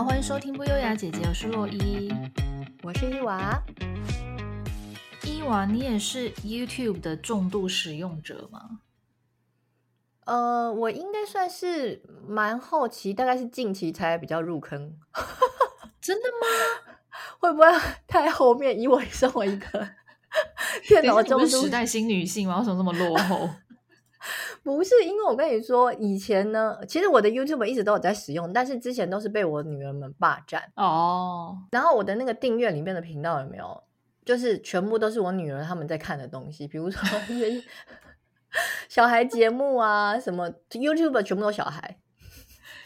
好，歡迎收聽不優雅姐姐，我是洛伊，我是伊娃。伊娃，你也是 YouTube 的重度使用者嗎？呃，我應該算是蠻後期，大概是近期才比較入坑。 真的嗎？會不會太後面以我身為一個電 腦重度時代新女性嗎，為什麼這麼落後？ 不是，因為我跟你說，以前呢，其實我的 YouTube 一直都有在使用，但是之前都是被我女兒們霸佔哦。Oh. 然後我的那個訂閱裡面的頻道有沒有，就是全部都是我女兒他們在看的東西，比如說那 小孩節目啊，什麼 YouTube 全部都小孩。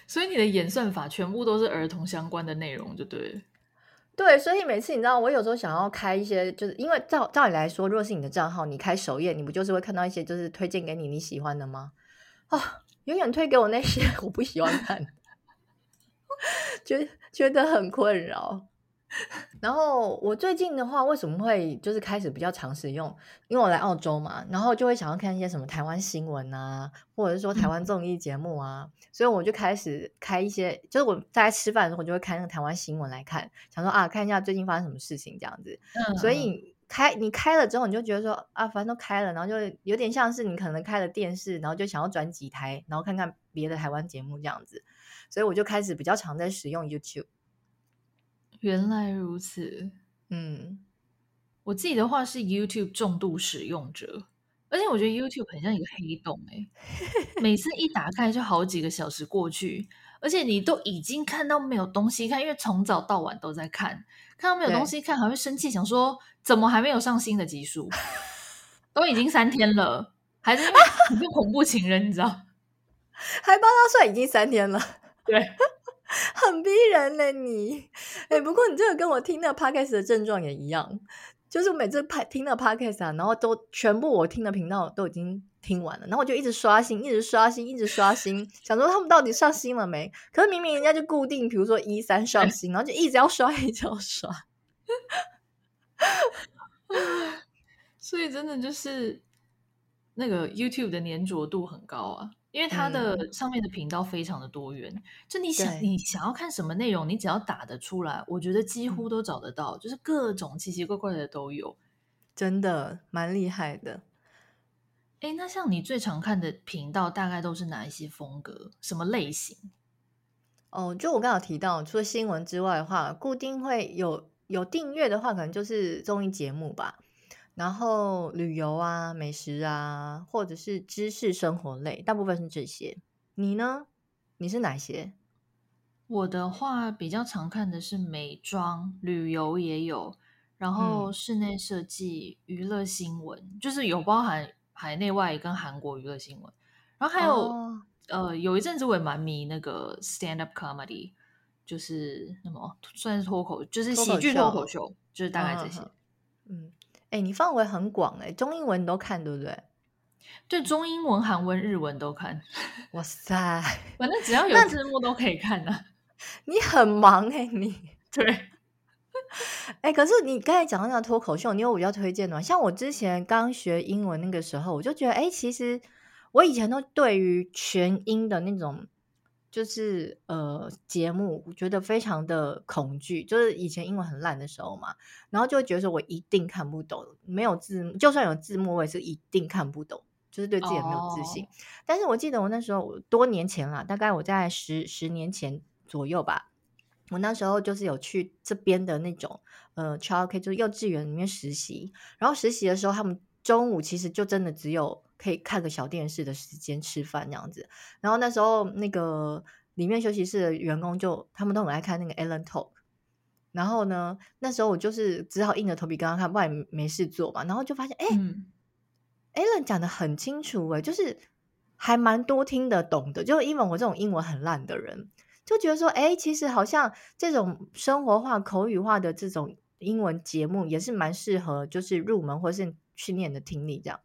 所以你的演算法全部都是兒童相關的內容，就對。對，所以每次你知道，我有時候想要開一些，就是因為照照理來說，如果是你的賬號，你開首頁，你不就是會看到一些就是推薦給你你喜歡的嗎？啊、哦，永遠推給我那些我不喜歡看， 覺得覺得很困擾。 然後我最近的話，為什麼會就是開始比較常使用？因為我來澳洲嘛，然後就會想要看一些什麼台灣新聞吶、啊，或者是說台灣綜藝節目啊、嗯，所以我就開始開一些，就是我在吃飯的時候我就會開那個台灣新聞來看，想說啊看一下最近發生什麼事情這樣子。嗯、所以開你開了之後，你就覺得說啊反正都開了，然後就有點像是你可能開了電視，然後就想要轉幾台，然後看看別的台灣節目這樣子，所以我就開始比較常在使用 YouTube。原來如此，嗯，我自己的話是 YouTube 重度使用者，而且我覺得 YouTube 很像一個黑洞，欸、 每次一打開就好幾個小時過去，而且你都已經看到沒有東西看，因為從早到晚都在看，看到沒有東西看還會生氣，想說怎麼還沒有上新的集數？ 都已經三天了，還是你變恐怖情人， 你知道？還幫他算已經三天了，對。很逼人嘞你，你、欸、哎，不過你這個跟我聽那個 podcast 的症狀也一樣，就是每次拍聽那個 podcast 啊，然後都全部我聽的頻道都已經聽完了，然後我就一直刷新，一直刷新，一直刷新，想說他們到底上新了沒？可是明明人家就固定，比如說一三上新，然後就一直要刷，一直要刷， 所以真的就是那個 YouTube 的粘着度很高啊。因為它的上面的頻道非常的多元，嗯、就你想你想要看什麼內容，你只要打得出來，我覺得幾乎都找得到，嗯、就是各種奇奇怪怪的都有，真的蠻厲害的。誒，那像你最常看的頻道，大概都是哪一些風格，什麼類型？哦，就我剛剛有提到，除了新聞之外的話，固定會有有訂閱的話，可能就是綜藝節目吧。然後旅遊啊、美食啊，或者是知識生活類，大部分是這些。你呢？你是哪些？我的話比較常看的是美妝、旅遊也有，然後室內設計、嗯、娛樂新聞，就是有包含海內外跟韓國娛樂新聞。然後還有、哦、呃，有一陣子我也蠻迷那個 stand up comedy，就是什麼算是脫口，就是喜劇脫口秀，口就是大概這些，嗯。嗯哎，你範圍很廣誒，中英文你都看對不對？對，中英文、韓文、日文都看。哇塞，反正只要有字幕那節目都可以看的啊。你很忙誒，你對。哎，可是你剛才講到那個脫口秀，你有我比較推薦的嗎？像我之前剛學英文那個時候，我就覺得哎，其實我以前都對於全英的那種。就是呃，節目我覺得非常的恐懼，就是以前英文很爛的時候嘛，然後就會覺得說我一定看不懂，沒有字，就算有字幕，我也是一定看不懂，就是對自己也沒有自信。Oh. 但是我記得我那時候，多年前啦，大概我在十十年前左右吧，我那時候就是有去這邊的那種呃，childcare 就是幼稚園裡面實習，然後實習的時候，他們中午其實就真的只有可以看個小電視的時間吃飯這樣子，然後那時候那個裡面休息室的員工就他們都很愛看那個 Ellen Talk，然後呢，那時候我就是只好硬着頭皮跟他看，不然也沒事做嘛。然後就發現，哎、欸嗯、，Ellen 講得很清楚、欸，哎，就是還蠻多聽得懂的。就因為我這種英文很爛的人就覺得說，哎、欸，其實好像這種生活化、口語化的這種英文節目也是蠻適合，就是入門或是訓練的聽力這樣。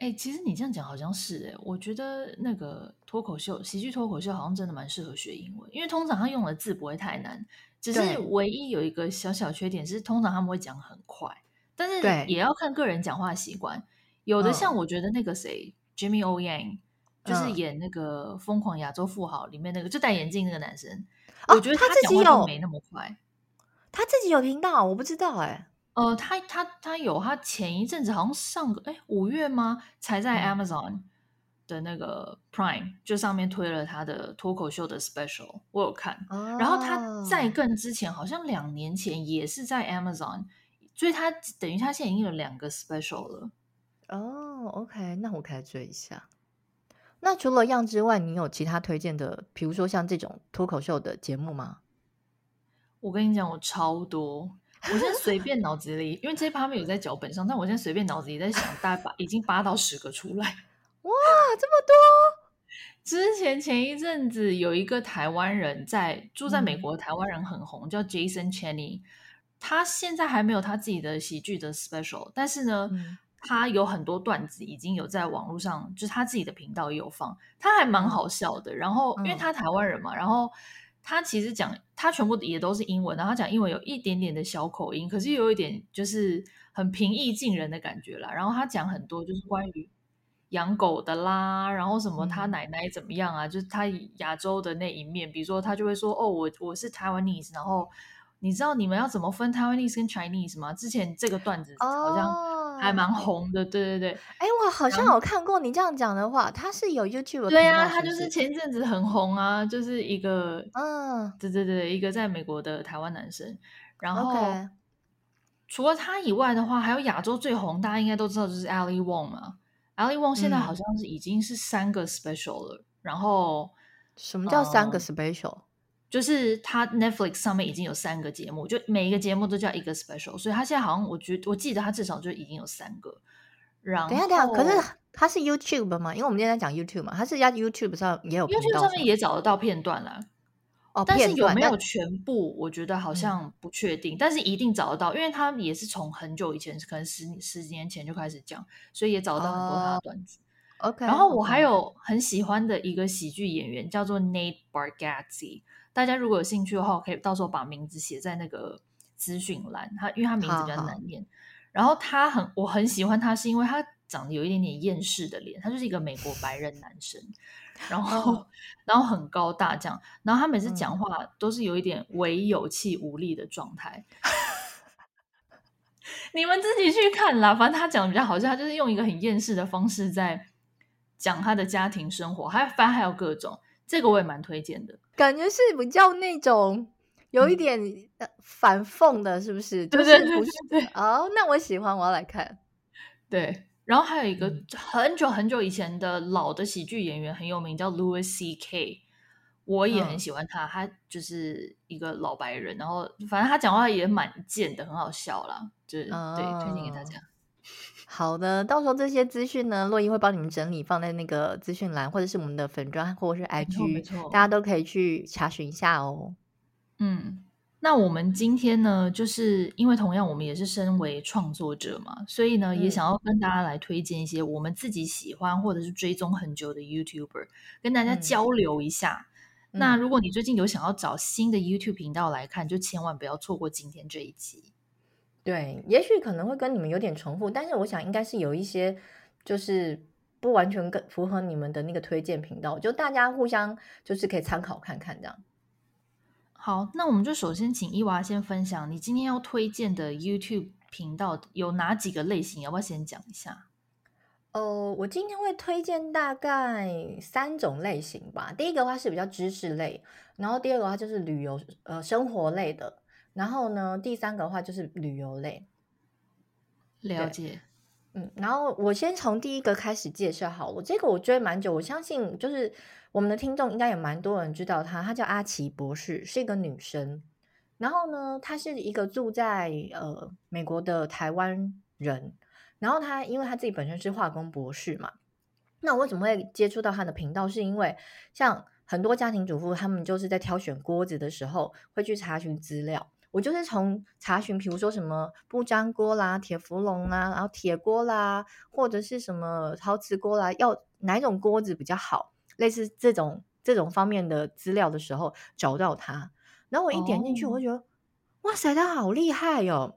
哎、欸，其實你這樣講好像是哎、欸，我覺得那個脫口秀，喜劇脫口秀好像真的蠻適合學英文，因為通常他用的字不會太難，只是唯一有一個小小缺點是，通常他們會講很快，但是也要看個人講話習慣。有的像我覺得那個誰、嗯、，Jimmy O Yang，就是演那個《瘋狂亞洲富豪》裡面那個，就戴眼鏡那個男生，我覺得他自己有沒那麼快，啊、他自己有頻道，我不知道哎、欸。呃，他他他有，他前一陣子好像上個哎五月嗎？才在 Amazon 的那個 Prime 就上面推了他的脫口秀的 Special，我有看。然後他在更之前、oh. 好像兩年前也是在 Amazon，所以他等於他現在已經有兩個 Special 了。哦、oh，OK，那我可以追一下。那除了樣之外，你有其他推薦的，比如說像這種脫口秀的節目嗎？我跟你講，我超多。 我現在隨便腦子裡，因為這一趴沒有在腳本上，但我現在隨便腦子裡在想，大概八已經八到十個出來， 哇，這麼多！之前前一陣子有一個台灣人在住在美國、嗯，台灣人很紅，叫 Jason Cheny，他現在還沒有他自己的喜劇的 special，但是呢，嗯、他有很多段子已經有在網絡上，就是他自己的頻道也有放，他還蠻好笑的。嗯、然後因為他台灣人嘛，嗯、然後。他其實講，他全部也都是英文，然後他講英文有一點點的小口音，可是又有一點就是很平易近人的感覺啦。然後他講很多就是關於養狗的啦，然後什麼他奶奶怎麼樣啊，嗯、就是他亞洲的那一面。比如說他就會說哦，我我是 Taiwanese，然後你知道你們要怎麼分 Taiwanese 跟 Chinese 嗎？之前這個段子好像。哦還蠻紅的，對對對，誒、欸、我好像有看過。你這樣講的話，他是有 YouTube？對啊，是是，他就是前陣子很紅啊，就是一個，嗯，對對對，一個在美國的台灣男生。然後、okay. 除了他以外的話，還有亞洲最紅，大家應該都知道，就是 Ali Wong 嘛。 Ali Wong 現在好像是已經是三個 special 了。嗯、然後什麼叫三個 special？、呃就是他 Netflix 上面已經有三個節目，就每一個節目都叫一個 special，所以他現在好像我覺我記得他至少就已經有三個然後。等一下，等一下，可是他是 YouTube 嗎？因為我們今天在講 YouTube 嘛，他是在 YouTube 上也有上，YouTube 上面也找得到片段啦。哦，但是有沒有全部？我覺得好像不確定，嗯，但是一定找得到，因為他也是從很久以前，可能十十幾年前就開始講，所以也找到很多他的段子。Uh, OK，然後我還有很喜歡的一個喜劇演員，okay. 叫做 Nate Bargatze。大家如果有興趣的話，可以到時候把名字寫在那個資訊欄。他因為他名字比較難念，然後他很我很喜歡他，是因為他長得有一點點厭世的臉，他就是一個美國白人男生， 然後、哦、然後很高大這樣，然後他每次講話都是有一點唯有氣無力的狀態。嗯、 你們自己去看啦，反正他講的比較好笑，他就是用一個很厭世的方式在講他的家庭生活，還反正還有各種。這個我也蠻推薦的，感覺是比較那種有一點反諷的、嗯，是不是？對對對對哦，oh, 那我喜歡，我要來看。對，然後還有一個很久很久以前的老的喜劇演員很有名，嗯、叫 Louis C.K.，我也很喜歡他，oh. 他就是一個老白人，然後反正他講話也蠻賤的，很好笑啦。就是、oh. 對，推薦給大家。好的，到時候這些資訊呢，洛伊會幫你們整理放在那個資訊欄，或者是我們的粉專，或者是 IG，沒錯，沒錯，大家都可以去查詢一下哦。嗯，那我們今天呢，就是因為同樣我們也是身為創作者嘛，所以呢，也想要跟大家來推薦一些我們自己喜歡、嗯、或者是追蹤很久的 YouTuber，跟大家交流一下、嗯。那如果你最近有想要找新的 YouTube 頻道來看，就千萬不要錯過今天這一期。對，也許可能會跟你們有點重複，但是我想應該是有一些，就是不完全跟符合你們的那個推薦頻道，就大家互相就是可以參考看看這樣。好，那我們就首先請伊娃先分享你今天要推薦的 YouTube 頻道有哪幾個類型，要不要先講一下？呃，我今天會推薦大概三種類型吧。第一個的話是比較知識類，然後第二個的話就是旅遊呃生活類的。然後呢，第三個的話就是旅遊類，了解，嗯，然後我先從第一個開始介紹好了，我這個我追蠻久，我相信就是我們的聽眾應該也蠻多人知道他，他叫阿奇博士，是一個女生，然後呢，她是一個住在呃美國的台灣人，然後她因為她自己本身是化工博士嘛，那我怎麼會接觸到她的頻道，是因為像很多家庭主婦，他們就是在挑選鍋子的時候會去查詢資料。我就是從查詢，比如說什麼不粘鍋啦、鐵氟龍啦，然後鐵鍋啦，或者是什麼陶瓷鍋啦，要哪一種鍋子比較好？類似這種這種方面的資料的時候，找到它。然後我一點進去，我就覺得，Oh. 哇塞，他好厲害喲、哦！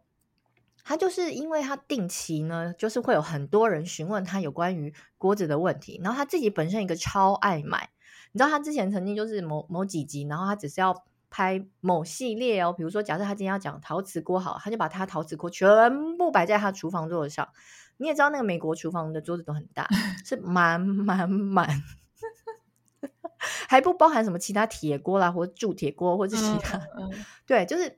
他就是因為他定期呢，就是會有很多人詢問他有關於鍋子的問題，然後他自己本身一個超愛買，你知道他之前曾經就是某某幾集，然後他只是要。拍某系列哦，比如說，假設他今天要講陶瓷鍋好，他就把他陶瓷鍋全部擺在他廚房桌子上。你也知道，那個美國廚房的桌子都很大， 是滿滿滿， 還不包含什麼其他鐵鍋啦，或者鑄鐵鍋或者其他、嗯嗯。對，就是，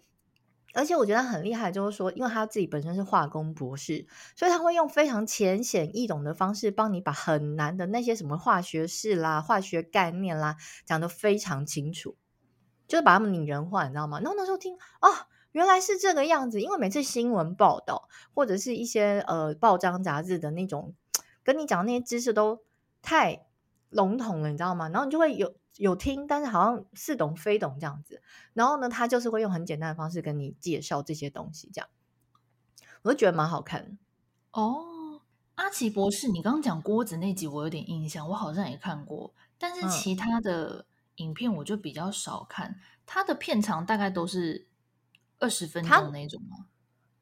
而且我覺得很厲害，就是說，因為他自己本身是化工博士，所以他會用非常淺顯易懂的方式，幫你把很難的那些什麼化學式啦、化學概念啦，講得非常清楚。就是把他們擬人化，你知道嗎？然後那時候聽啊、哦，原來是這個樣子。因為每次新聞報道或者是一些呃報章雜誌的那種跟你講那些知識都太籠統了，你知道嗎？然後你就會有有聽，但是好像似懂非懂這樣子。然後呢，他就是會用很簡單的方式跟你介紹這些東西，這樣我就覺得蠻好看的。哦，阿奇博士，你剛剛講郭子那集我有點印象，我好像也看過，但是其他的。嗯影片我就比較少看，它的片長大概都是二十分鐘那種嗎？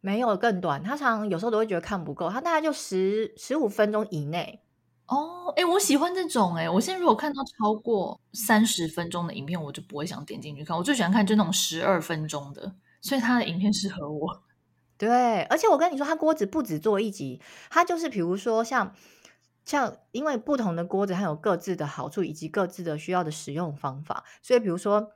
沒有更短，他常常有時候都會覺得看不夠，他大概就十十五分鐘以內。哦，誒、欸、我喜歡這種誒、欸、我現在如果看到超過三十分鐘的影片，我就不會想點進去看。我最喜歡看就那種十二分鐘的，所以他的影片適合我。對，而且我跟你說，他鍋子不只做一集，他就是比如說像。像因為不同的鍋子它，有各自的好處以及各自的需要的使用方法，所以比如說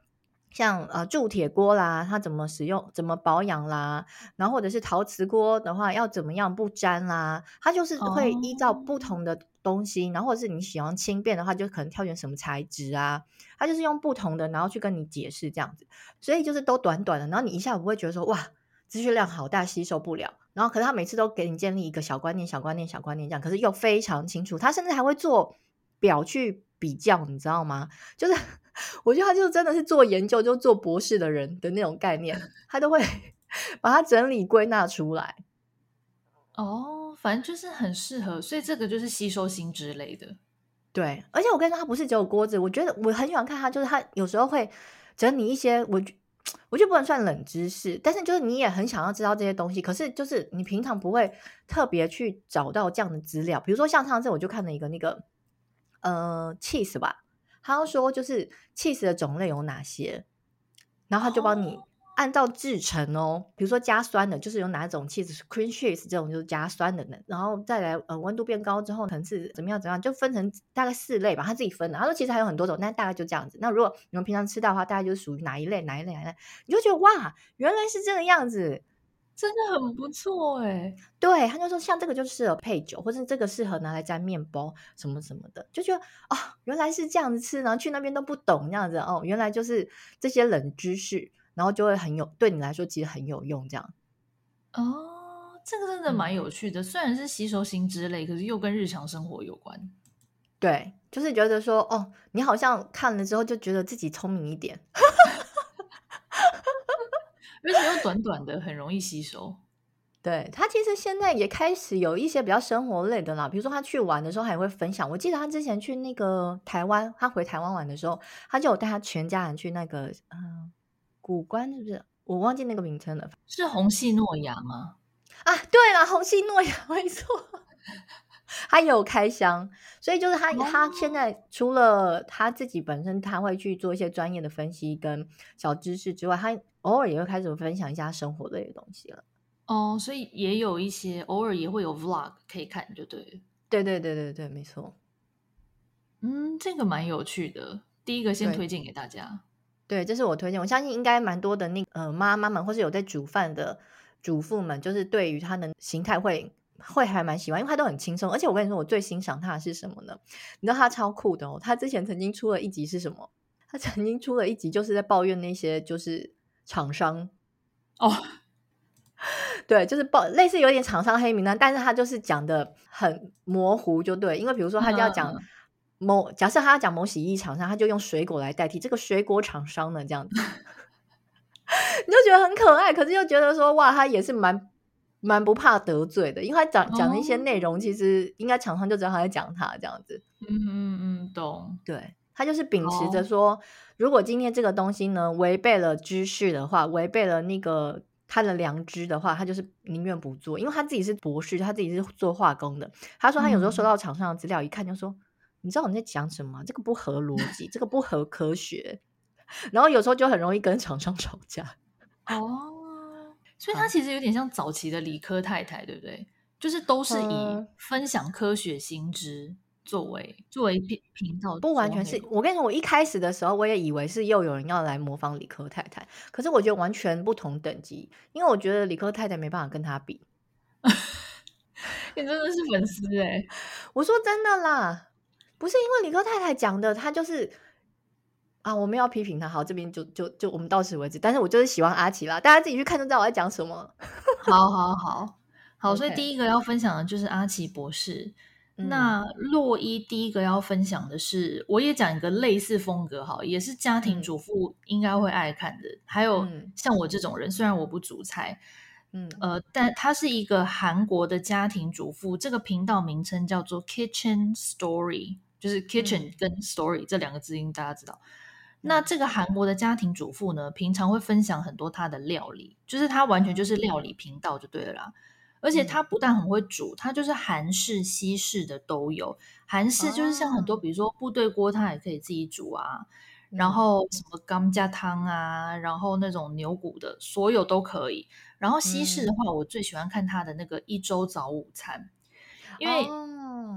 像呃鑄鐵鍋啦，它怎麼使用、怎麼保養啦，然後或者是陶瓷鍋的話要怎麼樣不粘啦，它就是會依照不同的東西，oh. 然後或者是你喜歡輕便的話，就可能挑選什麼材質啊，它就是用不同的，然後去跟你解釋這樣子，所以就是都短短的，然後你一下子不會覺得說哇，資訊量好大，吸收不了。然後，可是他每次都給你建立一個小觀念、小觀念、小觀念這樣，可是又非常清楚。他甚至還會做表去比較，你知道嗎？就是我覺得他就真的是做研究、就做博士的人的那種概念，他都會把它整理歸納出來。哦，反正就是很適合，所以這個就是吸收心之類的。對，而且我跟你說，他不是只有鍋子，我覺得我很喜歡看他，就是他有時候會整理一些我。我就不能算冷知識，但是就是你也很想要知道這些東西，可是就是你平常不會特別去找到這樣的資料。比如說像上次我就看了一個那個呃，cheese 吧，他要說就是 cheese 的種類有哪些，然後他就幫你。按照製程哦，比如說加酸的，就是有哪種起司，cream cheese 這種就是加酸的呢，然後再來呃溫度變高之後層次怎麼樣怎麼樣，就分成大概四類吧，他自己分的。他說其實還有很多種，但大概就這樣子。那如果你們平常吃到的話，大概就屬於哪一類哪一類哪一類，你就覺得哇，原來是這個樣子，真的很不錯哎、欸。對，他就說像這個就適合配酒，或者這個適合拿來沾麵包什麼什麼的，就覺得哦，原來是這樣子吃呢，然後去那邊都不懂那樣子哦，原來就是這些冷知識。然後就會很有，對你來說其實很有用，這樣哦，這個真的蠻有趣的，嗯。雖然是吸收新知之類，可是又跟日常生活有關。對，就是覺得說，哦，你好像看了之後就覺得自己聰明一點， 而且又短短的，很容易吸收。對，他其實現在也開始有一些比較生活類的啦。比如說，他去玩的時候還會分享。我記得他之前去那個台灣，他回台灣玩的時候，他就有帶他全家人去那個嗯。古關是不是？我忘記那個名稱了。是紅系諾亞嗎？啊，對了，紅系諾亞沒錯。他 有開箱，所以就是他，oh. 他現在除了他自己本身，他會去做一些專業的分析跟小知識之外，他偶爾也會開始分享一下生活類的東西了。哦、oh,，所以也有一些偶爾也會有 vlog 可以看，就對。對對對對對，沒錯。嗯，這個蠻有趣的。第一個先推薦給大家。對，這是我推薦。我相信應該蠻多的那個、呃媽媽們，或是有在煮飯的主婦們，就是對於他的形態會會還蠻喜歡，因為他都很輕鬆。而且我跟你說，我最欣賞他的是什麼呢？你知道他超酷的哦。他之前曾經出了一集是什麼？他曾經出了一集，就是在抱怨那些就是廠商哦。Oh. 對，就是抱類似有點廠商黑名單，但是他就是講得很模糊，就對，因為比如說他就要講、嗯。某假設他要講某洗衣廠商，他就用水果來代替這個水果廠商呢，這樣子， 你就覺得很可愛。可是又覺得說，哇，他也是蠻蠻不怕得罪的，因為他講講的一些內容，oh. 其實應該廠商就知道他在講他這樣子。嗯嗯嗯，懂。對，他就是秉持着說，oh. 如果今天這個東西呢違背了知識的話，違背了那個他的良知的話，他就是寧願不做，因為他自己是博士，他自己是做化工的。他說他有時候收到廠商的資料，嗯、一看就說。你知道我在講什麼？這個不合邏輯， 這個不合科學，然後有時候就很容易跟廠商吵架哦。所以他其實有點像早期的理科太太，啊、對不對？就是都是以分享科學新知作為、嗯、作為頻道為，不完全是，我跟你說，我一開始的時候我也以為是又有人要來模仿理科太太，可是我覺得完全不同等級，因為我覺得理科太太沒辦法跟他比。 你真的是粉絲哎、欸！ 我說真的啦。不是因為李克太太講的，他就是啊，我沒有批評他。好，這邊就就就我們到此為止。但是我就是喜歡阿奇啦，大家自己去看就知道我在講什麼。好 好好好，好 okay. 所以第一個要分享的就是阿奇博士、嗯。那洛伊第一個要分享的是，我也講一個類似風格，哈，也是家庭主婦應該會愛看的、嗯。還有像我這種人，雖然我不煮菜，嗯呃，但他是一個韓國的家庭主婦。這個頻道名稱叫做 Kitchen Story。就是 kitchen 跟 story、嗯、這兩個字音大家知道，那這個韓國的家庭主婦呢，平常會分享很多她的料理，就是她完全就是料理頻道就對了啦。而且她不但很會煮，她就是韓式、西式的都有。韓式就是像很多，比如說部隊鍋，她也可以自己煮啊。嗯、然後什麼剛加湯啊，然後那種牛骨的，所有都可以。然後西式的話，嗯、我最喜歡看她的那個一周早午餐。因為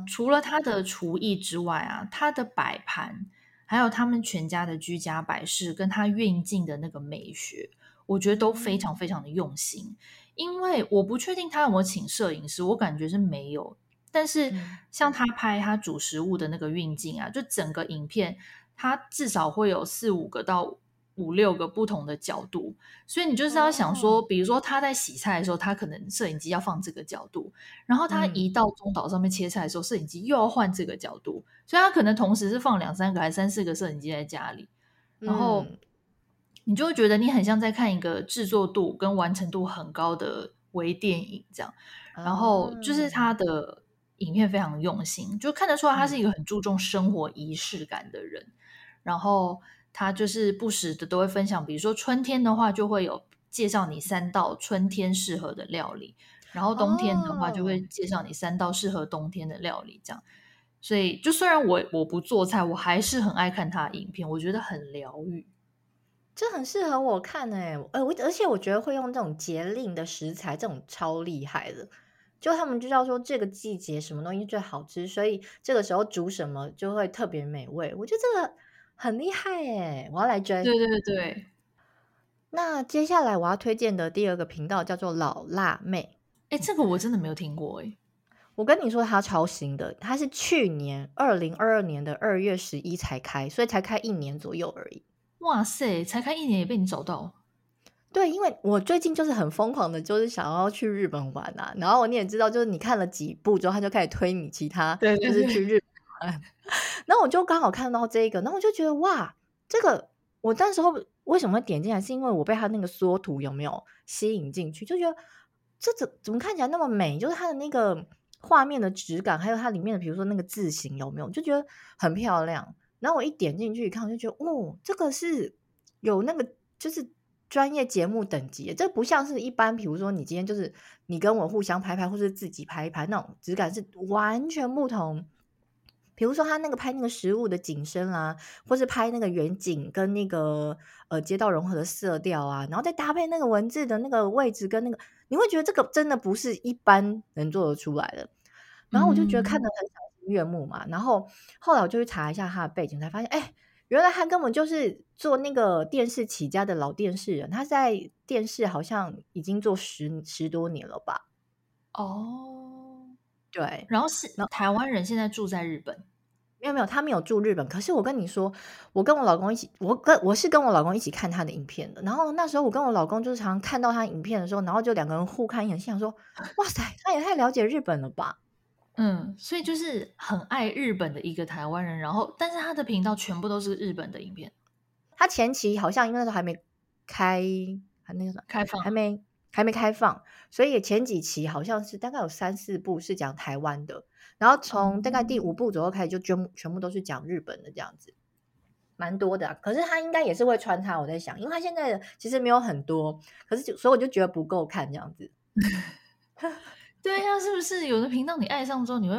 除了他的廚藝之外啊，他的擺盤，還有他們全家的居家擺飾，跟他運鏡的那個美學，我覺得都非常非常的用心。因為我不確定他有沒有請攝影師，我感覺是沒有。但是像他拍他煮食物的那個運鏡啊、嗯，就整個影片，他至少會有四五個到。五六個不同的角度，所以你就是要想說，比如說他在洗菜的時候，他可能攝影機要放這個角度，然後他移到中島上面切菜的時候，攝影機又要換這個角度，所以他可能同時是放兩三個，還三四個攝影機在家裡，然後你就會覺得你很像在看一個製作度跟完成度很高的微電影這樣，然後就是他的影片非常用心，就看得出來他是一個很注重生活儀式感的人，然後。他就是不時的都會分享，比如說春天的話就會有介紹你三道春天適合的料理，然後冬天的話就會介紹你三道適合冬天的料理，這樣。Oh. 所以就雖然我我不做菜，我還是很愛看他的影片，我覺得很療癒，這很適合我看誒、欸，我而且我覺得會用這種節令的食材，這種超厲害的，就他們就知道說這個季節什麼東西最好吃，所以這個時候煮什麼就會特別美味。我覺得這個。很厲害哎、欸，我要來追。對對對，對，那接下來我要推薦的第二個頻道叫做“老辣妹”欸。哎，這個我真的沒有聽過哎、欸。我跟你說，它超新的，的它是去年二零二二年的二月十一才開，所以才開一年左右而已。哇塞，才開一年也被你找到。對，因為我最近就是很瘋狂的，就是想要去日本玩啊。然後我你也知道，就是你看了幾部之後，它就開始推你其他，就是去日本玩。對對對對 然後我就剛好看到這個，然後我就覺得哇，這個我當時候為什麼會點進來，是因為我被他那個縮圖有沒有吸引進去？就覺得這怎怎麼看起來那麼美？就是它的那個畫面的質感，還有它裡面的，比如說那個字型有沒有？就覺得很漂亮。然後我一點進去一看，我就覺得哦，這個是有那個就是專業節目等級，這不像是一般，比如說你今天就是你跟我互相拍拍，或者自己拍一拍，那種質感是完全不同。比如說他那個拍那個食物的景深啊，或是拍那個遠景跟那個呃街道融合的色調啊，然後再搭配那個文字的那個位置跟那個，你會覺得這個真的不是一般能做得出來的。然後我就覺得看得很賞心悅目嘛，嗯。然後後來我就去查一下他的背景，才發現哎，原來他根本就是做那個電視起家的老電視人，他在電視好像已經做十十多年了吧？哦，對，然後是，然後台灣人，現在住在日本。沒有沒有，他沒有住日本。可是我跟你說，我跟我老公一起，我跟我是跟我老公一起看他的影片的。然後那時候我跟我老公就是常常看到他影片的時候，然後就兩個人互看一眼，心想說：“哇塞，他也太了解日本了吧？”嗯，所以就是很愛日本的一個台灣人。然後，但是他的頻道全部都是日本的影片。他前期好像因為那時候還沒開，還那個什麼開，開放，還沒。還沒開放，所以前幾期好像是大概有三四部是講台灣的，然後從大概第五部左右開始就全全部都是講日本的這樣子，蠻多的、啊。可是他應該也是會穿插，我在想，因為他現在的其實沒有很多，可是就所以我就覺得不夠看這樣子。 對呀、啊，是不是有的頻道你愛上之後你會？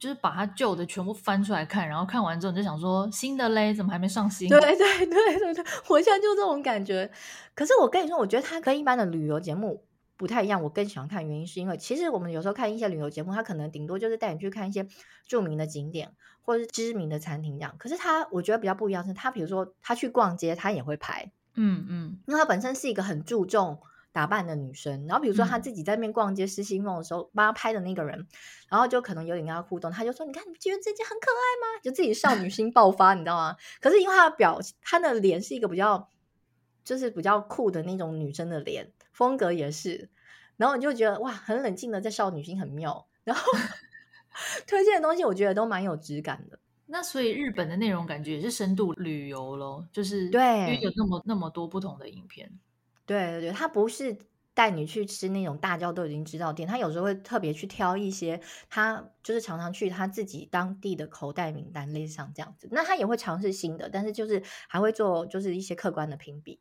就是把它舊的全部翻出來看，然後看完之後你就想說新的嘞怎麼還沒上新？對對對對對，我現在就這種感覺。可是我跟你說，我覺得它跟一般的旅遊節目不太一樣。我更喜歡看原因是因為，其實我們有時候看一些旅遊節目，它可能頂多就是帶你去看一些著名的景點或者是知名的餐廳這樣。可是它我覺得比較不一樣是，它比如說它去逛街，它也會拍。嗯嗯，因為它本身是一個很注重打扮的女生，然後比如說她自己在外面逛街、失心瘋的時候，嗯、幫她拍的那個人，然後就可能有點跟她互動，她就說：“你看，你覺得這件很可愛嗎？”就自己少女心爆發， 你知道嗎？可是因為她的表，她的臉是一個比較，就是比較酷的那種女生的臉風格也是，然後你就覺得哇，很冷靜的在少女心很妙。然後 推薦的東西，我覺得都蠻有質感的。那所以日本的內容感覺也是深度旅遊咯，就是對，因為有那麼那麼多不同的影片。對對對，他不是帶你去吃那種大家都已經知道的店，他有時候會特別去挑一些，他就是常常去他自己當地的口袋名單類似，像這樣子。那他也會嘗試新的，但是就是還會做就是一些客觀的評比。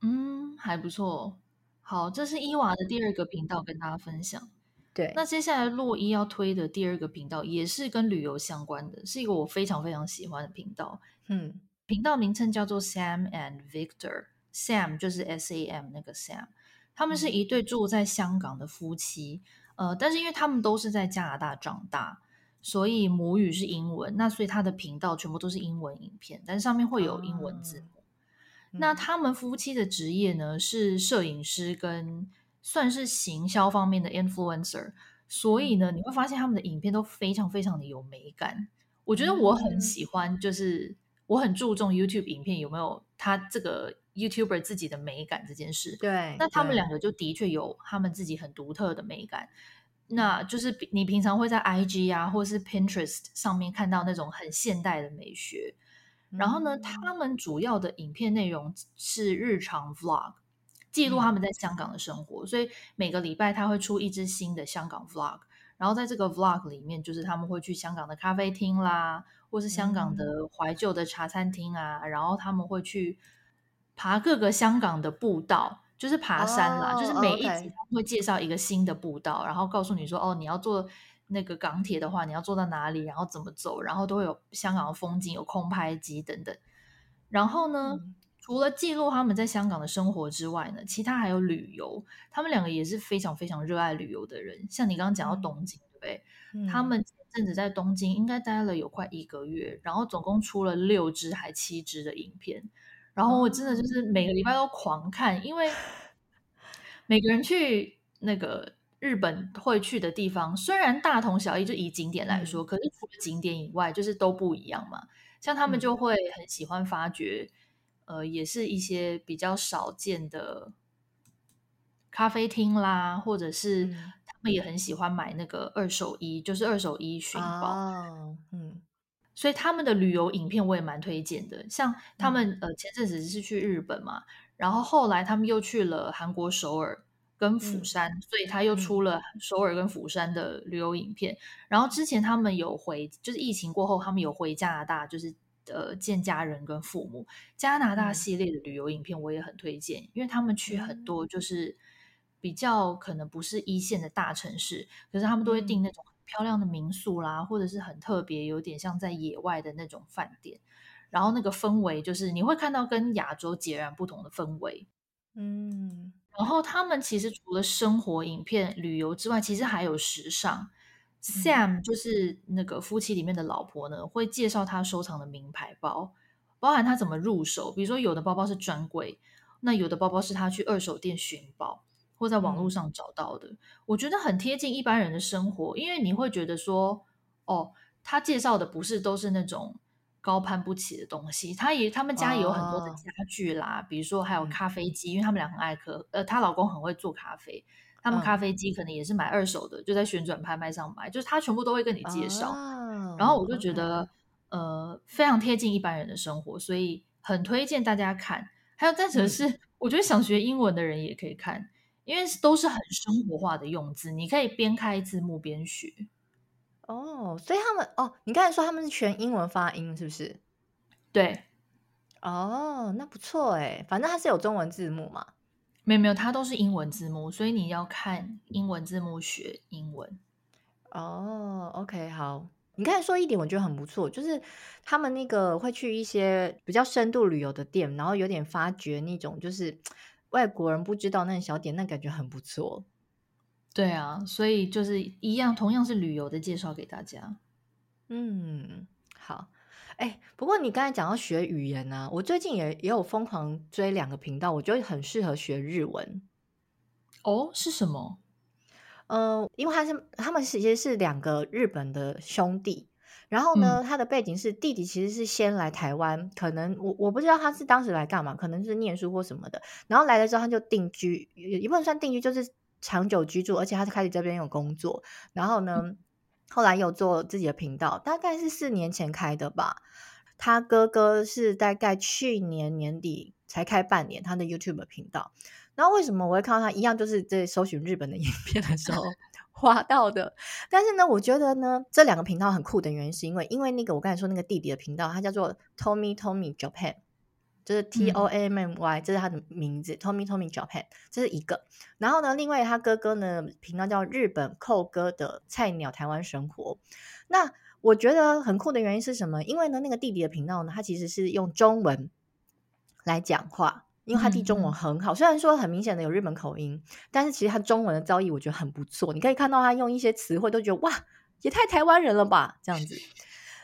嗯，還不錯。好，這是伊娃的第二個頻道跟大家分享。對，那接下來洛伊要推的第二個頻道也是跟旅遊相關的，是一個我非常非常喜歡的頻道。嗯，頻道名稱叫做 Sam and Victor。Sam 就是 S A M 那個 Sam，他們是一對住在香港的夫妻，呃，但是因為他們都是在加拿大長大，所以母語是英文，那所以他的頻道全部都是英文影片，但上面會有英文字母，啊嗯。那他們夫妻的職業呢是攝影師跟算是行銷方面的 influencer，所以呢你會發現他們的影片都非常非常的有美感。我覺得我很喜歡，就是我很注重 YouTube 影片有沒有他這個。YouTuber 自己的美感這件事，對，那他們兩個就的確有他們自己很獨特的美感。那就是你平常會在 IG 啊，或是 Pinterest 上面看到那種很現代的美學，嗯。然後呢，他們主要的影片內容是日常 Vlog，記錄他們在香港的生活。嗯。所以每個禮拜他會出一支新的香港 Vlog。然後在這個 Vlog 裡面，就是他們會去香港的咖啡廳啦，或是香港的懷舊的茶餐廳啊，嗯。然後他們會去，爬各個香港的步道，就是爬山啦，oh, 就是每一集都會介紹一個新的步道，oh, okay. 然後告訴你說，哦，你要坐那個港鐵的話，你要坐到哪裡，然後怎麼走，然後都會有香港的風景，有空拍機等等。然後呢，嗯、除了記錄他們在香港的生活之外呢，其他還有旅遊。他們兩個也是非常非常熱愛旅遊的人，像你剛剛講到東京，嗯、對不對？嗯、他們前陣子在東京應該待了有快一個月，然後總共出了六支還七支的影片。然後我真的就是每個禮拜都狂看，因為每個人去那個日本會去的地方，雖然大同小異，就以景點來說、嗯，可是除了景點以外，就是都不一樣嘛。像他們就會很喜歡發掘、嗯，呃，也是一些比較少見的咖啡廳啦，或者是他們也很喜歡買那個二手衣，就是二手衣尋寶、啊，嗯。所以他們的旅遊影片，我也蠻推薦的，像他們、嗯、呃，前陣子是去日本嘛，然後後來他們又去了韓國首爾跟釜山，嗯、所以他又出了首爾跟釜山的旅遊影片。嗯、然後之前他們有回，就是疫情過後他們有回加拿大，就是呃見家人跟父母。加拿大系列的旅遊影片我也很推薦，因為他們去很多就是比較可能不是一線的大城市，嗯、可是他們都會訂那種。漂亮的民宿啦，或者是很特別，有點像在野外的那種飯店，然後那個氛圍就是你會看到跟亞洲截然不同的氛圍。嗯，然後他們其實除了生活、影片、旅遊之外，其實還有時尚、嗯。Sam 就是那個夫妻裡面的老婆呢，會介紹他收藏的名牌包，包含他怎麼入手，比如說有的包包是專櫃，那有的包包是他去二手店尋寶。或在網絡上找到的，嗯、我覺得很貼近一般人的生活，因為你會覺得說，哦，他介紹的不是都是那種高攀不起的東西，他也他們家也有很多的家具啦，啊、比如說還有咖啡機、嗯，因為他們倆很愛喝，呃，她老公很會做咖啡，他們咖啡機可能也是買二手的，嗯、就在旋轉拍賣上買，就是他全部都會跟你介紹、啊，然後我就覺得，啊、呃，非常貼近一般人的生活，所以很推薦大家看。還有再者是、嗯，我覺得想學英文的人也可以看。因為都是很生活化的用字，你可以邊開字幕邊學哦。所以他們哦，你剛才說他們是全英文發音，是不是？對。哦，那不錯誒，反正它是有中文字幕嘛。沒有沒有，它都是英文字幕，所以你要看英文字幕學英文。哦，OK，好。你剛才說一點，我覺得很不錯，就是他們那個會去一些比較深度旅遊的店，然後有點發掘那種，就是。外國人不知道那小點，那感覺很不錯。對啊，所以就是一樣，同樣是旅遊的介紹給大家。嗯，好。哎，不過你剛才講到學語言啊，我最近也也有瘋狂追兩個頻道，我覺得很適合學日文。哦，是什麼？呃，因為他是他們其實是兩個日本的兄弟。然後呢、嗯，他的背景是弟弟其實是先來台灣，可能我我不知道他是當時來幹嘛，可能是念書或什麼的。然後來了之後他就定居，也不能算定居，就是長久居住，而且他開始這邊有工作。然後呢，嗯、後來有做自己的頻道，大概是四年前開的吧。他哥哥是大概去年年底才開半年他的 YouTube 頻道。然後為什麼我會看到他一樣，就是在搜尋日本的影片的時候， 劃到的，但是呢，我覺得呢，這兩個頻道很酷的原因，是因為因為那個我剛才說那個弟弟的頻道，他叫做 Tommy Tommy Japan，就是 T O M M Y，嗯，這是他的名字，Tommy Tommy Japan，這是一個。然後呢，另外他哥哥呢，頻道叫日本扣哥的菜鳥台灣生活。那我覺得很酷的原因是什麼？因為呢，那個弟弟的頻道呢，他其實是用中文來講話。因為他弟中文很好，嗯，嗯，雖然說很明顯的有日本口音，但是其實他中文的造詣我覺得很不錯。你可以看到他用一些詞彙都覺得哇，也太台灣人了吧這樣子。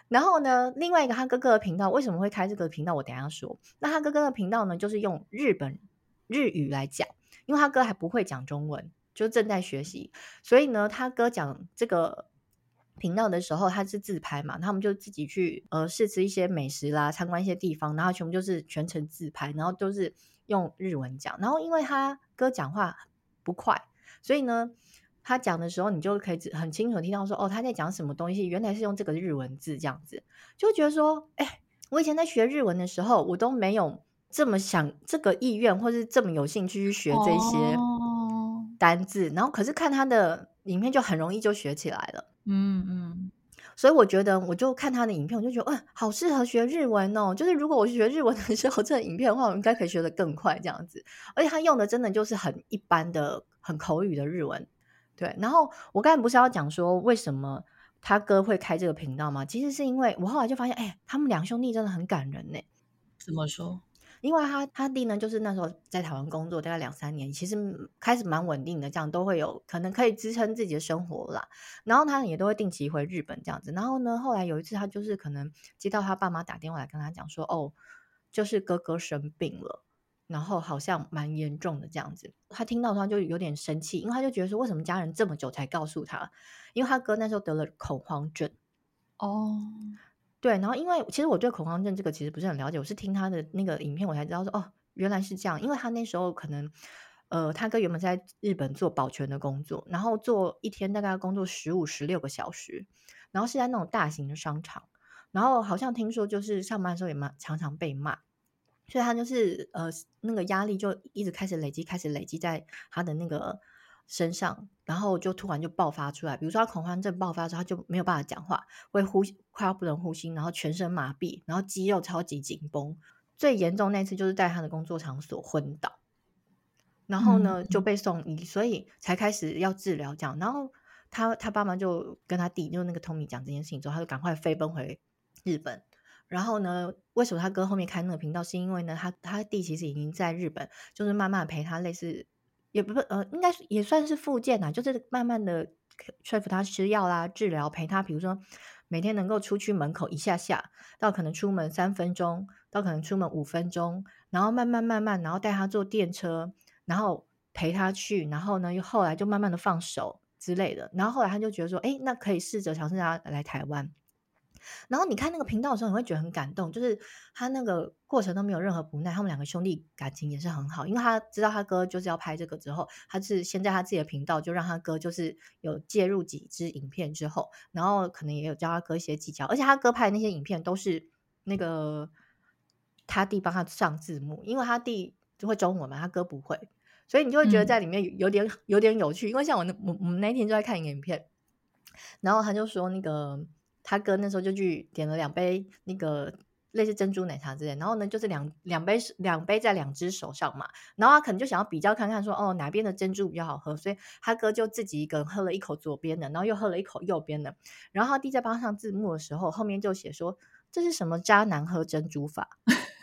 然後呢，另外一個他哥哥的頻道為什麼會開這個頻道？我等一下說。那他哥哥的頻道呢，就是用日本日語來講，因為他哥還不會講中文，就正在學習，所以呢，他哥講這個。頻道的時候，他是自拍嘛，他們就自己去呃試吃一些美食啦，參觀一些地方，然後全部就是全程自拍，然後都是用日文講。然後因為他哥講話不快，所以呢，他講的時候你就可以很清楚聽到說哦，他在講什麼東西，原來是用這個日文字這樣子，就覺得說哎、欸，我以前在學日文的時候，我都沒有這麼想這個意願，或是這麼有興趣去學這些單字，Oh. 然後可是看他的影片就很容易就學起來了。嗯嗯，所以我覺得，我就看他的影片，我就覺得哇、欸，好適合學日文哦。就是如果我學日文的時候，這個影片的話，我應該可以學得更快這樣子。而且他用的真的就是很一般的、很口語的日文。對，然後我剛才不是要講說，為什麼他哥會開這個頻道嗎？其實是因為我後來就發現，哎、欸，他們兩兄弟真的很感人呢、欸。怎麼說？因為他他弟呢，就是那時候在台灣工作大概兩三年，其實開始蠻穩定的，這樣都會有可能可以支撐自己的生活啦。然後他也都會定期回日本這樣子。然後呢，後來有一次他就是可能接到他爸媽打電話來跟他講說，哦，就是哥哥生病了，然後好像蠻嚴重的這樣子。他聽到他就有點生氣，因為他就覺得說，為什麼家人這麼久才告訴他？因為他哥那時候得了恐慌症。哦。對，然後因為其實我對恐慌症這個其實不是很了解，我是聽他的那個影片，我才知道說，哦，原來是這樣。因為他那時候可能呃，他哥原本在日本做保全的工作，然後做一天大概工作十五十六個小時，然後是在那種大型的商場，然後好像聽說就是上班的時候也常常被罵，所以他就是呃那個壓力就一直開始累積，開始累積在他的那個。身上，然後就突然就爆發出來。比如說，他恐慌症爆發之後，他就沒有辦法講話，會呼快要不能呼吸，然後全身麻痹，然後肌肉超級緊繃。最嚴重那次就是在他的工作場所昏倒，然後呢就被送醫、嗯，所以才開始要治療這樣。然後他他爸媽就跟他弟，就那個 Tommy 講這件事情之後，他就趕快飛奔回日本。然後呢，為什麼他哥後面開那個頻道？是因為呢，他他弟其實已經在日本，就是慢慢陪他，類似。也不是呃，應該也算是復健啦，就是慢慢的說服他吃藥啦，治療，陪他，比如說每天能夠出去門口一下下，到可能出門三分鐘，到可能出門五分鐘，然後慢慢慢慢，然後帶他坐電車，然後陪他去，然後呢，又後來就慢慢的放手之類的，然後後來他就覺得說，誒、欸，那可以試着嘗試他來台灣。然後你看那個頻道的時候，你會覺得很感動，就是他那個過程都沒有任何不耐。他們兩個兄弟感情也是很好，因為他知道他哥就是要拍這個之後，他是先在他自己的頻道就讓他哥就是有介入幾支影片之後，然後可能也有教他哥一些技巧。而且他哥拍那些影片都是那個他弟幫他上字幕，因為他弟就會中文嘛，他哥不會，所以你就會覺得在裡面有點有點有趣。因為像我我我們那天就在看一個影片，然後他就說那個。他哥那時候就去點了兩杯那個類似珍珠奶茶之類的，然後呢，就是兩兩杯兩杯在兩隻手上嘛，然後他可能就想要比較看看說哦，哪邊的珍珠比較好喝，所以他哥就自己一個人喝了一口左邊的，然後又喝了一口右邊的，然後他弟在幫上字幕的時候，後面就寫說這是什麼渣男喝珍珠法。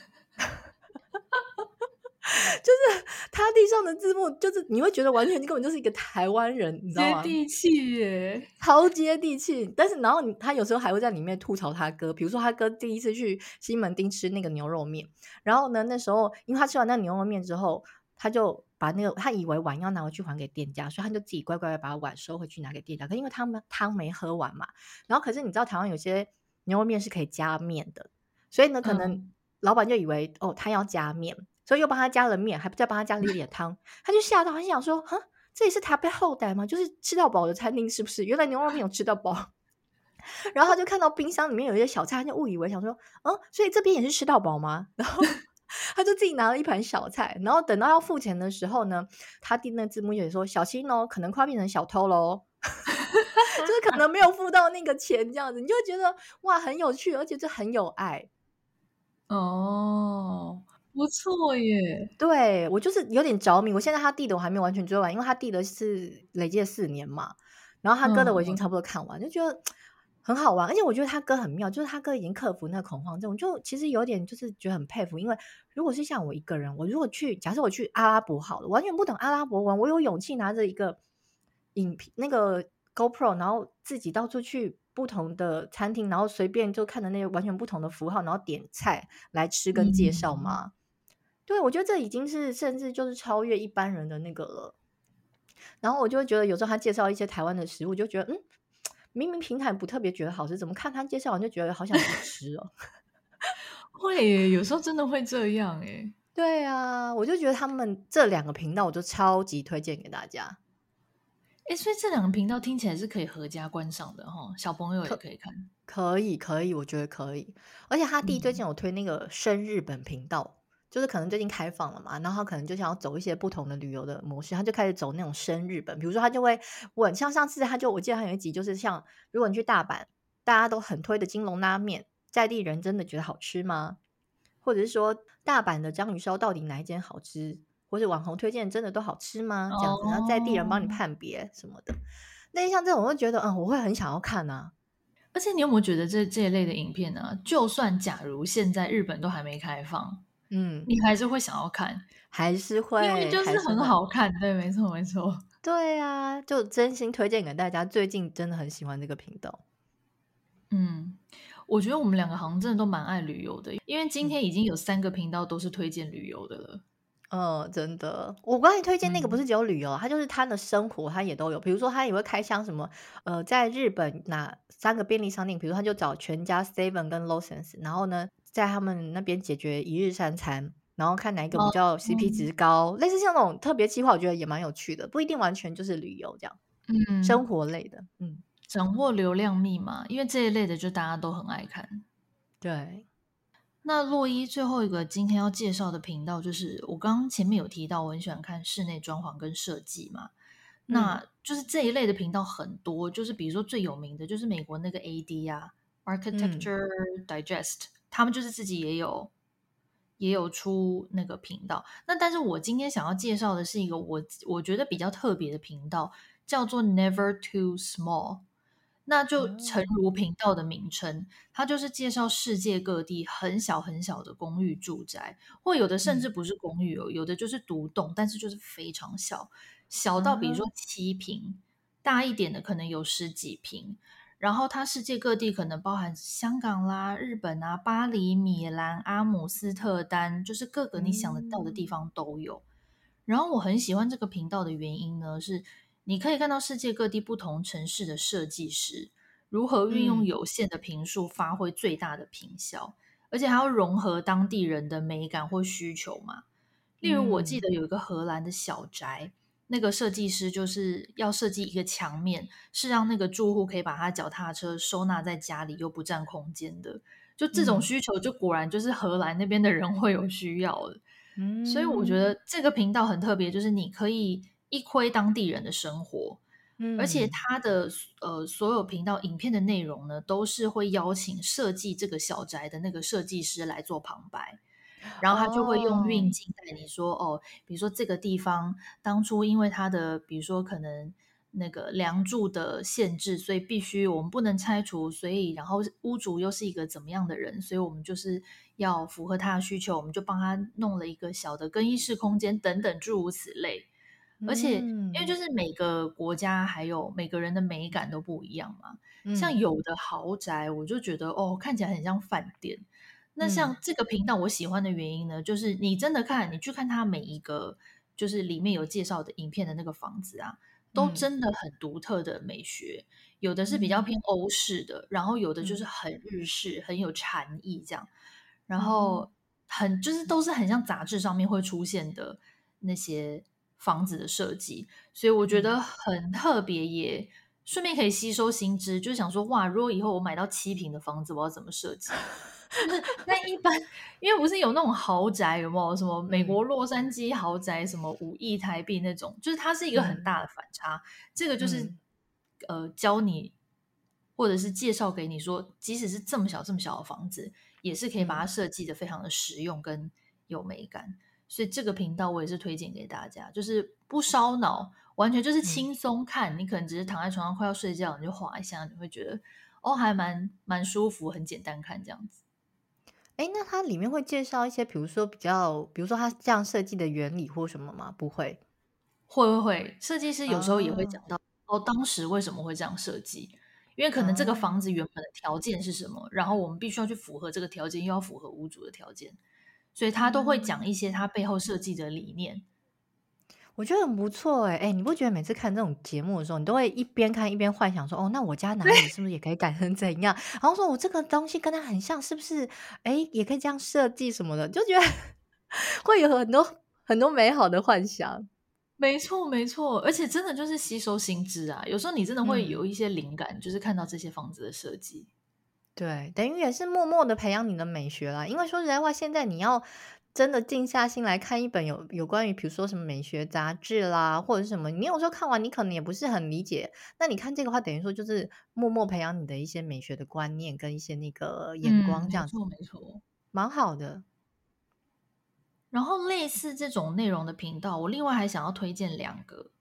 就是他地上的字幕，就是你會覺得完全你根本就是一個台灣人，你知道嗎？接地氣耶，超接地氣。但是然後他有時候還會在裡面吐槽他哥，比如說他哥第一次去西門町吃那個牛肉麵，然後呢那時候因為他吃完那牛肉麵之後，他就把那個他以為碗要拿回去還給店家，所以他就自己乖乖把碗收回去拿給店家。可因為他們湯沒喝完嘛，然後可是你知道台灣有些牛肉麵是可以加麵的，所以呢可能老闆就以為、嗯、哦他要加麵。所以又幫他加了麵，還不再幫他加了一點湯，他就嚇到，他想說：，哈，這也是台北後代嗎？就是吃到飽的餐廳是不是？原來牛肉麵有吃到飽。然後他就看到冰箱裡面有一些小菜，他就誤以為想說：，嗯，所以這邊也是吃到飽嗎？然後他就自己拿了一盤小菜。然後等到要付錢的時候呢，他訂那字幕也說：，小心哦，可能快變成小偷嘍。 就是可能沒有付到那個錢，這樣子你就覺得哇，很有趣，而且這很有愛。哦、oh.。不錯耶，對，我就是有點着迷。我現在他弟的我還沒有完全追完，因為他弟的是累計四年嘛。然後他哥的我已經差不多看完、嗯，就覺得很好玩。而且我覺得他哥很妙，就是他哥已經克服那個恐慌症，我就其實有點就是覺得很佩服。因為如果是像我一個人，我如果去假設我去阿拉伯好了，完全不懂阿拉伯文，我有勇氣拿着一個影片那個 GoPro，然後自己到處去不同的餐廳，然後隨便就看的那些完全不同的符號，然後點菜來吃跟介紹嗎？嗯對，我覺得這已經是甚至就是超越一般人的那個了。然後我就覺得，有時候他介紹一些台灣的食物，我就覺得嗯，明明平台不特別覺得好吃，怎麼看他介紹完就覺得好想吃吃哦。 會耶，有時候真的會這樣耶。 對啊，我就覺得他們這兩個頻道，我就超級推薦給大家。哎、欸，所以這兩個頻道聽起來是可以合家觀賞的哈、哦，小朋友也可以看。可，可以，可以，我覺得可以。而且他弟最近有推那個生日本頻道。嗯就是可能最近開放了嘛，然後他可能就想要走一些不同的旅遊的模式，他就開始走那種深日本，比如說他就會問，像上次他就我記得他有一集就是像，如果你去大阪，大家都很推的金龍拉麵，在地人真的覺得好吃嗎？或者是說大阪的章魚燒到底哪一間好吃？或者網紅推薦真的都好吃嗎？這樣子，然後在地人幫你判別什麼的，哦，那像這種我會覺得，嗯，我會很想要看啊，而且你有沒有覺得這這一類的影片呢？啊？就算假如現在日本都還沒開放。嗯，你還是會想要看，還是會，因為就是很好看，對，沒錯，沒錯，對啊，就真心推薦給大家。最近真的很喜歡這個頻道。嗯，我覺得我們兩個好像真的都蠻愛旅遊的，因為今天已經有三個頻道都是推薦旅遊的了。嗯、哦，真的，我剛才推薦那個不是只有旅遊，他、嗯、就是他的生活他也都有，比如說他也會開箱什麼，呃，在日本哪三個便利商店，比如他就找全家、Seven 跟 Lawson，然後呢。在他們那邊解決一日三餐，然後看哪一個比較 CP 值高，oh, 嗯，類似像那種特別企劃，我覺得也蠻有趣的，不一定完全就是旅遊這樣。嗯，生活類的，嗯，掌握流量密碼，因為這一類的就大家都很愛看。對，那洛伊最後一個今天要介紹的頻道就是我剛剛前面有提到，我很喜歡看室內裝潢跟設計嘛，嗯，那就是這一類的頻道很多，就是比如說最有名的就是美國那個 AD 呀，啊、Architecture、嗯、Digest。他們就是自己也有，也有出那個頻道。那但是我今天想要介紹的是一個我我覺得比較特別的頻道，叫做 Never Too Small。那就誠如頻道的名稱、嗯，它就是介紹世界各地很小很小的公寓、住宅，或有的甚至不是公寓哦，嗯、有的就是獨棟，但是就是非常小，小到比如說七坪、嗯，大一點的可能有十幾坪。然後它世界各地可能包含香港啦、日本啊、巴黎、米蘭、阿姆斯特丹，就是各個你想得到的地方都有、嗯。然後我很喜歡這個頻道的原因呢，是你可以看到世界各地不同城市的設計師如何運用有限的坪數發揮最大的坪效、嗯，而且還要融合當地人的美感或需求嘛。例如我記得有一個荷蘭的小宅。那個設計師就是要設計一個牆面，是讓那個住戶可以把他腳踏車收納在家裡又不佔空間的。就這種需求，就果然就是荷蘭那邊的人會有需要的。嗯，所以我覺得這個頻道很特別，就是你可以一窺當地人的生活。嗯，而且他的呃所有頻道影片的內容呢，都是會邀請設計這個小宅的那個設計師來做旁白。然後他就會用運鏡帶你說、oh. 哦，比如說這個地方當初因為它的，比如說可能那個樑柱的限制，所以必須我們不能拆除，所以然後屋主又是一個怎麼樣的人，所以我們就是要符合他的需求，我們就幫他弄了一個小的更衣室空間等等諸如此類。而且、mm. 因為就是每個國家還有每個人的美感都不一樣嘛，像有的豪宅我就覺得哦，看起來很像飯店。那像這個頻道我喜歡的原因呢，嗯、就是你真的看，你去看它每一個，就是裡面有介紹的影片的那個房子啊，都真的很獨特的美學，嗯、有的是比較偏歐式的、嗯，然後有的就是很日式，嗯、很有禪意這樣，然後很、嗯、就是都是很像雜誌上面會出現的那些房子的設計，所以我覺得很特別也，嗯、順便可以吸收新知，就是想說哇，如果以後我買到七平的房子，我要怎麼設計？那 那一般，因為不是有那種豪宅，有沒有什麼美國洛杉磯豪宅，什麼五億台幣那種？就是它是一個很大的反差。嗯、這個就是、嗯、呃，教你或者是介紹給你說，即使是這麼小這麼小的房子，也是可以把它設計的非常的實用跟有美感。所以這個頻道我也是推薦給大家，就是不燒腦，完全就是輕鬆看。嗯、你可能只是躺在床上快要睡覺，你就滑一下，你會覺得哦，還蠻蠻舒服，很簡單看這樣子。哎，那它裡面會介紹一些，比如說比較，比如說它這樣設計的原理或什麼嗎？不會，會不會，設計師有時候也會講到哦，當時為什麼會這樣設計？因為可能這個房子原本的條件是什麼、嗯，然後我們必須要去符合這個條件，又要符合屋主的條件，所以他都會講一些他背後設計的理念。我覺得很不錯哎、欸、你不覺得每次看這種節目的時候，你都會一邊看一邊幻想說，哦，那我家哪裡是不是也可以改成怎樣？ 然後說我這個東西跟它很像，是不是？誒，也可以這樣設計什麼的，就覺得會有很多很多美好的幻想。沒錯沒錯，而且真的就是吸收新知啊，有時候你真的會有一些靈感、嗯，就是看到這些房子的設計。對，等於也是默默的培養你的美學啦，因為說實在話，現在你要。真的靜下心來看一本有有關於，比如說什麼美學雜誌啦，或者是什麼，你有時候看完你可能也不是很理解。那你看這個話，等於說就是默默培養你的一些美學的觀念跟一些那個眼光，這樣子、嗯，沒錯，沒錯，蠻好的。然後類似這種內容的頻道，我另外還想要推薦兩個，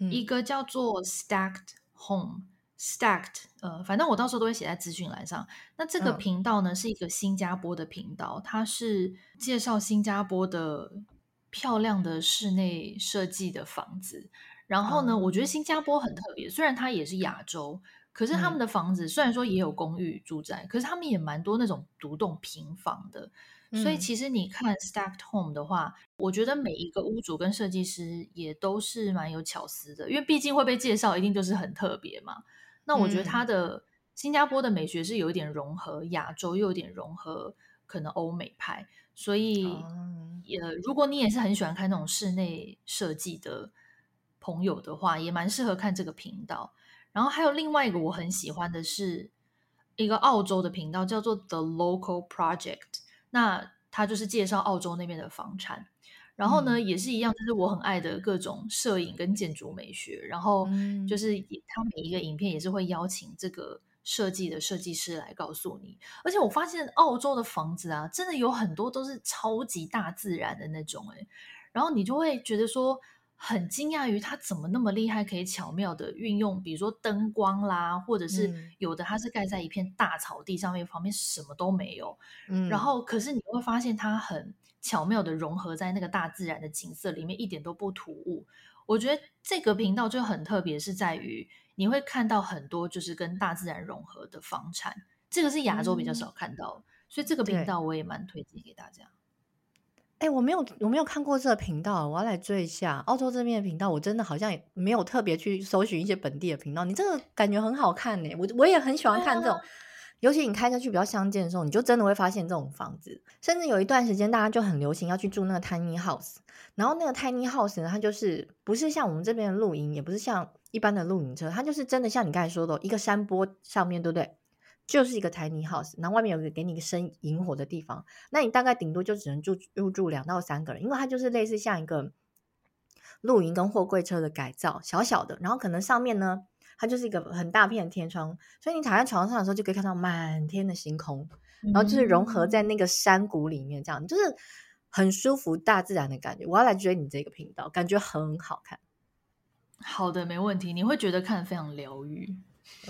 嗯、一個叫做 Stacked Home。Stacked，呃，反正我到時候都會寫在資訊欄上。那這個頻道呢、嗯，是一個新加坡的頻道，它是介紹新加坡的漂亮的室內設計的房子。然後呢，嗯、我覺得新加坡很特別，雖然它也是亞洲，可是他們的房子雖然說也有公寓住、住、嗯、宅，可是他們也蠻多那種獨棟平房的、嗯。所以其實你看 Stacked Home 的話，我覺得每一個屋主跟設計師也都是蠻有巧思的，因為畢竟會被介紹，一定就是很特別嘛。那我覺得它的新加坡的美學是有一點融合亞洲，又有點融合可能歐美派，所以也，如果你也是很喜歡看那種室內設計的朋友的話，也蠻適合看這個頻道。然後還有另外一個我很喜歡的是一個澳洲的頻道，叫做 The Local Project，那它就是介紹澳洲那邊的房產。然後呢、嗯，也是一樣，就是我很愛的各種攝影跟建築美學。然後就是、嗯、他每一個影片也是會邀請這個設計的設計師來告訴你。而且我發現澳洲的房子啊，真的有很多都是超級大自然的那種哎、欸。然後你就會覺得說很驚訝於它怎麼那麼厲害，可以巧妙的運用，比如說燈光啦，或者是有的它是蓋在一片大草地上面，旁邊什麼都沒有。嗯、然後可是你會發現它很。巧妙的融合在那個大自然的景色裡面，一點都不突兀。我覺得這個頻道就很特別，是在於你會看到很多就是跟大自然融合的房產，這個是亞洲比較少看到。嗯，所以這個頻道我也蠻推薦給大家。誒、欸，我沒有，我沒有看過這個頻道，我要來追一下澳洲這邊的頻道。我真的好像也沒有特別去搜尋一些本地的頻道。你這個感覺很好看誒、欸，我我也很喜歡看這種。啊啊尤其你開車去比較鄉間的時候，你就真的會發現這種房子。甚至有一段時間，大家就很流行要去住那個 Tiny House。然後那個 Tiny House 呢，它就是不是像我們這邊的露營，也不是像一般的露營車，它就是真的像你剛才說的，一個山坡上面，對不對？就是一個 Tiny House，然後外面有個給你一個生營火的地方。那你大概頂多就只能住入住兩到三個人，因為它就是類似像一個露營跟貨櫃車的改造，小小的。然後可能上面呢。它就是一個很大片的天窗，所以你躺在床上的時候就可以看到滿天的星空，嗯、然後就是融合在那個山谷裡面，這樣就是很舒服、大自然的感覺。我要來追你這個頻道，感覺很好看。好的，沒問題。你會覺得看得非常療癒。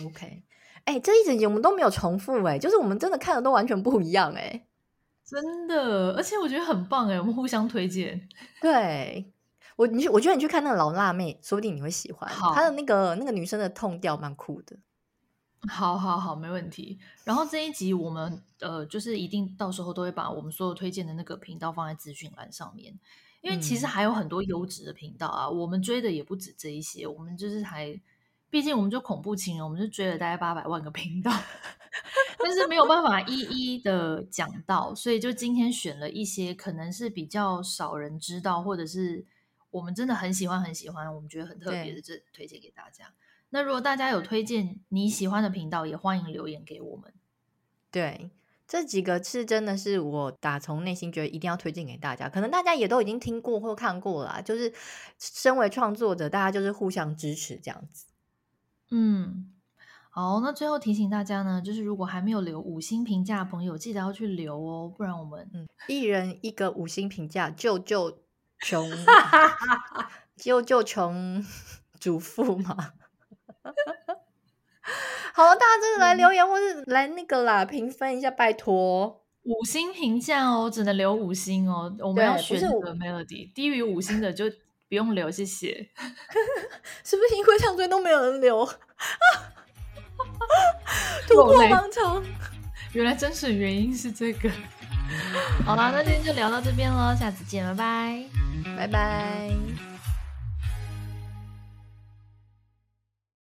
OK，哎、欸，這一整集我們都沒有重複哎、欸，就是我們真的看的都完全不一樣哎、欸，真的，而且我覺得很棒哎、欸，我們互相推薦。對。我你我覺得你去看那個老辣妹，說不定你會喜歡她的那個那個女生的 tone 調，蠻酷的。好，好，好，沒問題。然後這一集我們呃，就是一定到時候都會把我們所有推薦的那個頻道放在資訊欄上面，因為其實還有很多優質的頻道啊、嗯。我們追的也不止這一些，我們就是還，畢竟我們就恐怖情人，我們就追了大概八百萬個頻道， 但是沒有辦法一一的講到，所以就今天選了一些可能是比較少人知道，或者是。我們真的很喜歡，很喜歡，我們覺得很特別的，這推薦給大家。那如果大家有推薦你喜歡的頻道，也歡迎留言給我們。對，這幾個是真的是我打從內心覺得一定要推薦給大家。可能大家也都已經聽過或看過了啊，就是身為創作者，大家就是互相支持這樣子。嗯，好。那最後提醒大家呢，就是如果還沒有留五星評價的朋友，記得要去留哦，不然我們嗯，一人一個五星評價，就就。窮， 就就窮主婦嘛。 好，大家真的來留言、嗯、或是來那個啦，評分一下，拜託，五星評價哦，只能留五星哦。我們要選擇 Melody，低於五星的就不用留，謝謝。 是不是因為唱衰都沒有人留啊？ 突破盲腸，原來真實原因是這個。 好啦，那今天就聊到這邊嘍，下次見，拜拜，拜拜。